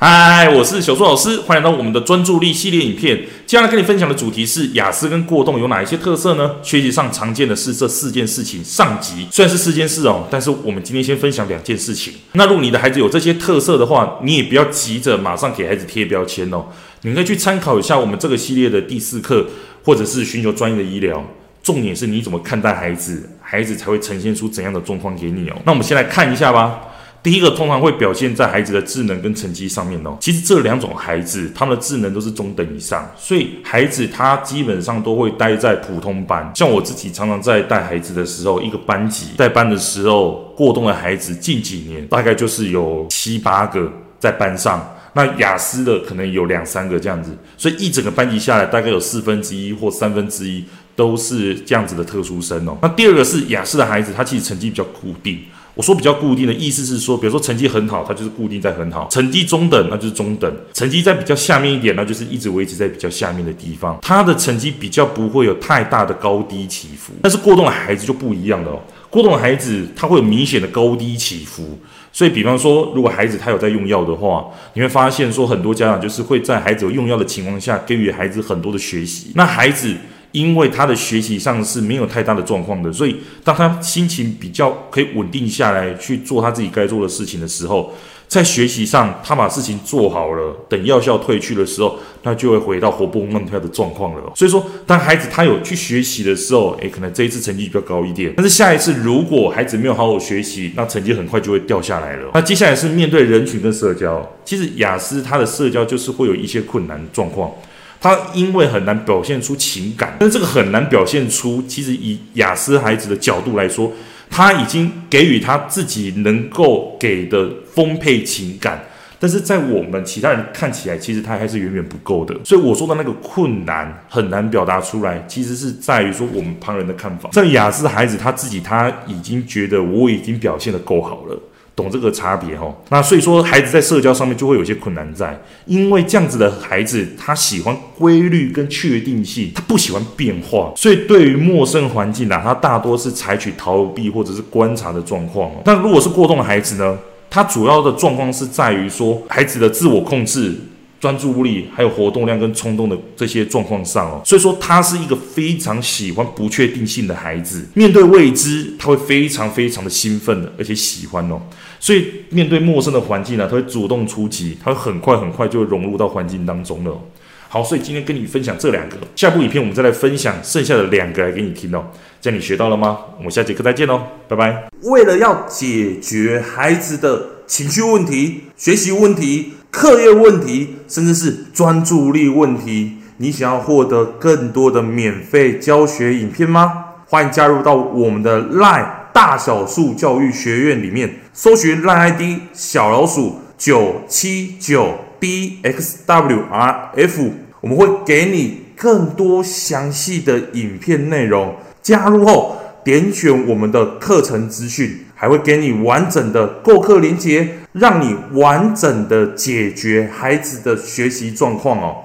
嗨，我是小蘇老師，歡迎來到我們的專注力系列影片。接下來跟你分享的主題是亞斯跟過動有哪一些特色呢？學習上常見的是這四件事情上集。上集雖然是四件事哦，但是我們今天先分享兩件事情。那如果你的孩子有這些特色的話，你也不要急着馬上給孩子貼標籤哦。你可以去參考一下我們這個系列的第四課，或者是尋求專業的醫療。重點是你怎麼看待孩子，孩子才會呈現出怎樣的狀況給你哦。那我們先來看一下吧。第一個通常會表現在孩子的智能跟成績上面哦。其實這兩種孩子，他們的智能都是中等以上，所以孩子他基本上都會待在普通班。像我自己常常在帶孩子的時候，一個班級帶班的時候，過動的孩子近幾年大概就是有七八個在班上，那亞斯的可能有兩三個這樣子，所以一整個班級下來大概有四分之一或三分之一都是這樣子的特殊生哦。那第二個是亞斯的孩子，他其實成績比較固定。我說比較固定的意思是說，比如說成績很好，他就是固定在很好；成績中等，那就是中等；成績在比較下面一點，那就是一直維持在比較下面的地方。他的成績比較不會有太大的高低起伏。但是過動的孩子就不一樣了哦。過動的孩子他會有明顯的高低起伏。所以，比方說，如果孩子他有在用藥的話，你會發現說很多家長就是會在孩子有用藥的情況下給予孩子很多的學習。那孩子。因為他的學習上是沒有太大的狀況的，所以當他心情比較可以穩定下來去做他自己該做的事情的時候，在學習上他把事情做好了。等藥效退去的時候，他就會回到活蹦亂跳的狀況了。所以說，當孩子他有去學習的時候，誒，可能這一次成績比較高一點，但是下一次如果孩子沒有好好學習，那成績很快就會掉下來了。那接下來是面對人群跟社交，其實亞斯他的社交就是會有一些困難的狀況。他因為很難表現出情感，但這個很難表現出。其實以亞斯孩子的角度來說，他已經給予他自己能夠給的豐沛情感，但是在我們其他人看起來，其實他還是遠遠不夠的。所以我說的那個困難很難表達出來，其實是在於說我們旁人的看法。像亞斯孩子他自己，他已經覺得我已經表現得夠好了。懂這個差別哈，那所以說孩子在社交上面就會有些困難在，因為這樣子的孩子他喜歡規律跟確定性，他不喜歡變化，所以對於陌生環境啦，他大多是採取逃避或者是觀察的狀況哦。那如果是過動的孩子呢，他主要的狀況是在於說孩子的自我控制、專注力，還有活動量跟衝動的這些狀況上哦。所以說他是一個非常喜歡不確定性的孩子，面對未知他會非常非常的興奮的，而且喜歡哦。所以面對陌生的環境呢、啊，他會主動出擊，他會很快很快就融入到環境當中了。好，所以今天跟你分享這兩個，下部影片我們再來分享剩下的兩個來給你聽哦。這樣你學到了嗎？我們下節課再見哦，拜拜。為了要解決孩子的情緒問題、學習問題、課業問題，甚至是專注力問題，你想要獲得更多的免費教學影片嗎？歡迎加入到我們的 Line。大小樹教育學院裡面搜尋 LINE ID 小老鼠九七九 dxwrf，我們會給你更多詳細的影片內容。加入後點選我們的課程資訊，還會給你完整的購課連結，讓你完整的解決孩子的學習狀況哦。